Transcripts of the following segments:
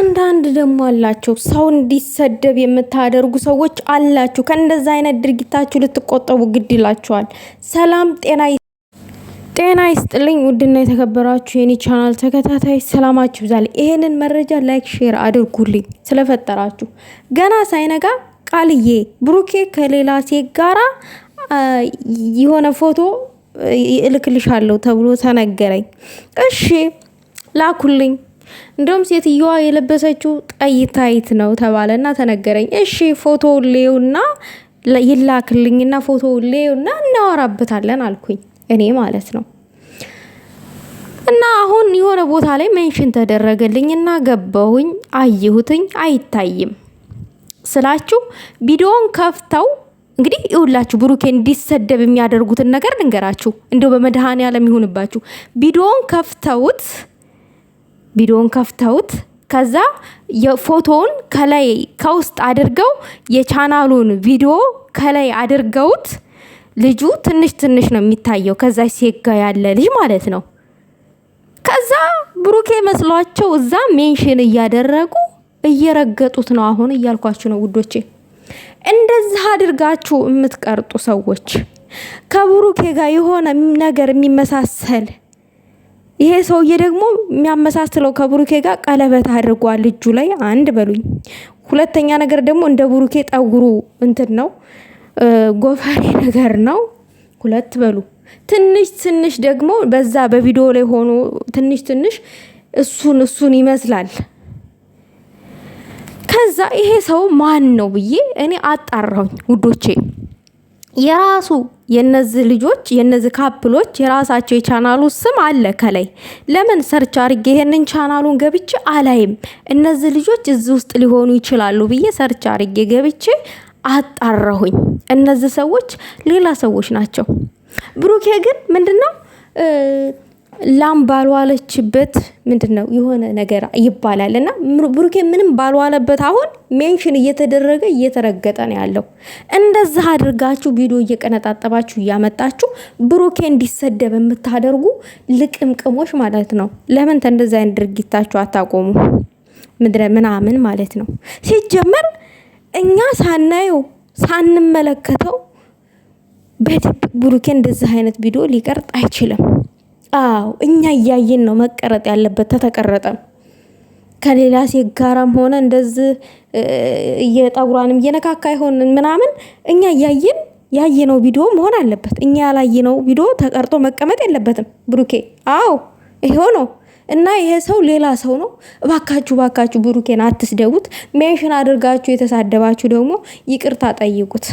አንዳንድ ደግሞ አላችሁ ሰው እንዲሰደብ የምታደርጉ ሰዎች አላችሁ። ከእንደዚ አይነት ድርጊታችሁ ልትቆጠቡ ግድ ይላችኋል። ሰላም ጤና ጤና ይስጥልኝ። ውድና የተከበራችሁ የኔ ቻናል ተከታታይ ሰላማችሁ ይብዛል። ይሄንን መረጃ ላይክ፣ ሼር አድርጉልኝ ስለፈጠራችሁ። ገና ሳይነጋ ቃልዬ ብሩኬ ከሌላ ሴት ጋራ የሆነ ፎቶ እልክልሻለሁ ተብሎ ተነገረኝ። እሺ ላኩልኝ እንደውም ሴትየዋ የለበሰችው ቀይ ታይት ነው ተባለና ተነገረኝ። እሺ ፎቶ ሌውና ይላክልኝና ፎቶ ሌውና እናወራበታለን አልኩኝ እኔ ማለት ነው። እና አሁን የሆነ ቦታ ላይ ተደረገልኝ ተደረገልኝና ገባሁኝ አየሁትኝ። አይታይም ስላችሁ ቪዲዮን ከፍተው እንግዲህ ይሁላችሁ ብሩኬ እንዲሰደብ የሚያደርጉትን ነገር ልንገራችሁ። እንደው በመድሃኒያ ለሚሆንባችሁ ቪዲዮን ከፍተውት ቪዲዮን ከፍተውት ከዛ የፎቶውን ከላይ ከውስጥ አድርገው የቻናሉን ቪዲዮ ከላይ አድርገውት ልጁ ትንሽ ትንሽ ነው የሚታየው ከዛ ሴጋ ያለ ልጅ ማለት ነው። ከዛ ብሩኬ መስሏቸው እዛ ሜንሽን እያደረጉ እየረገጡት ነው። አሁን እያልኳችሁ ነው ውዶቼ፣ እንደዚህ አድርጋችሁ የምትቀርጡ ሰዎች ከብሩኬ ጋር የሆነ ነገር የሚመሳሰል ይሄ ሰውዬ ደግሞ የሚያመሳስለው ከብሩኬ ጋር ቀለበት አድርጓል እጁ ላይ አንድ በሉኝ። ሁለተኛ ነገር ደግሞ እንደ ብሩኬ ጠጉሩ እንትን ነው ጎፈሬ ነገር ነው። ሁለት በሉ ትንሽ ትንሽ ደግሞ በዛ በቪዲዮ ላይ ሆኖ ትንሽ ትንሽ እሱን እሱን ይመስላል። ከዛ ይሄ ሰው ማን ነው ብዬ እኔ አጣራሁኝ ውዶቼ። የራሱ የነዚህ ልጆች የነዚህ ካፕሎች የራሳቸው የቻናሉ ስም አለ ከላይ። ለምን ሰርች አርጌ ይሄንን ቻናሉን ገብቼ አላይም? እነዚህ ልጆች እዚህ ውስጥ ሊሆኑ ይችላሉ ብዬ ሰርች አርጌ ገብቼ አጣራሁኝ። እነዚህ ሰዎች ሌላ ሰዎች ናቸው። ብሩኬ ግን ምንድን ነው ላም ባልዋለችበት ምንድን ነው የሆነ ነገር ይባላል እና ብሩኬ ምንም ባልዋለበት አሁን ሜንሽን እየተደረገ እየተረገጠ ነው ያለው። እንደዛ አድርጋችሁ ቪዲዮ እየቀነጣጠባችሁ እያመጣችሁ ብሩኬ እንዲሰደብ የምታደርጉ ልቅምቅሞች ማለት ነው። ለምን እንደዚህ አይነት ድርጊታችሁ አታቆሙ? ምድረ ምናምን ማለት ነው። ሲጀመር እኛ ሳናየው ሳንመለከተው በድብቅ ብሩኬ እንደዚህ አይነት ቪዲዮ ሊቀርጥ አይችልም። አዎ እኛ እያየን ነው መቀረጥ ያለበት። ተተቀረጠም ከሌላ ሴት ጋራም ሆነ እንደዚህ እየጠጉሯንም እየነካካ ይሆን ምናምን እኛ እያየን ያየነው ቪዲዮ መሆን አለበት። እኛ ያላየነው ቪዲዮ ተቀርጦ መቀመጥ የለበትም። ብሩኬ አዎ ይሄው ነው። እና ይሄ ሰው ሌላ ሰው ነው። እባካችሁ እባካችሁ ብሩኬን አትስደቡት። ሜንሽን አድርጋችሁ የተሳደባችሁ ደግሞ ይቅርታ ጠይቁት።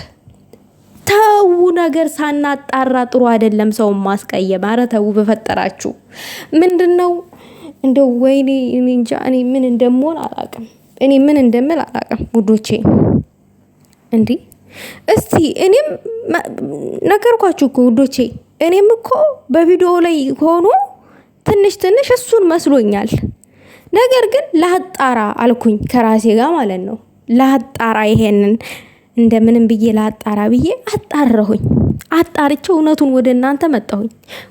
በሰው ነገር ሳናጣራ ጥሩ አይደለም ሰውን ማስቀየም። ኧረ በፈጠራችሁ። ምንድን ነው እንደው ወይኔ፣ እኔ እንጃ። እኔ ምን እንደምሆን አላቅም። እኔ ምን እንደምል አላቅም ጉዶቼ። እንዲህ እስቲ እኔም ነገርኳችሁ እኮ ውዶቼ፣ እኔም እኮ በቪዲዮ ላይ ሆኖ ትንሽ ትንሽ እሱን መስሎኛል። ነገር ግን ላጣራ አልኩኝ ከራሴ ጋር ማለት ነው ላጣራ ይሄንን እንደምንም ብዬ ላጣራ ብዬ አጣራሁኝ። አጣርቼ እውነቱን ወደ እናንተ መጣሁኝ።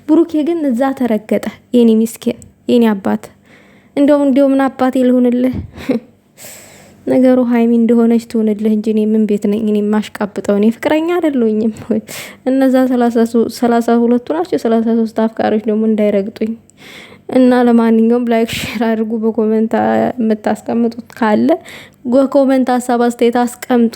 ብሩኬ ግን እዛ ተረገጠ። የኔ ሚስኪን፣ የኔ አባት፣ እንደውም እንደው ምን አባቴ ልሆንልህ ነገሩ ሀይሚ እንደሆነች ትሆንልህ እንጂ እኔ ምን ቤት ነኝ? እኔ ማሽቃብጠው እኔ ፍቅረኛ አይደለሁኝም። እነዛ ሰላሳ ሁለቱ ናቸው። ሰላሳ ሶስት አፍቃሪዎች ደግሞ እንዳይረግጡኝ እና ለማንኛውም ላይክ፣ ሼር አድርጉ። በኮመንት የምታስቀምጡት ካለ በኮመንት ሀሳብ አስተያየት አስቀምጡ።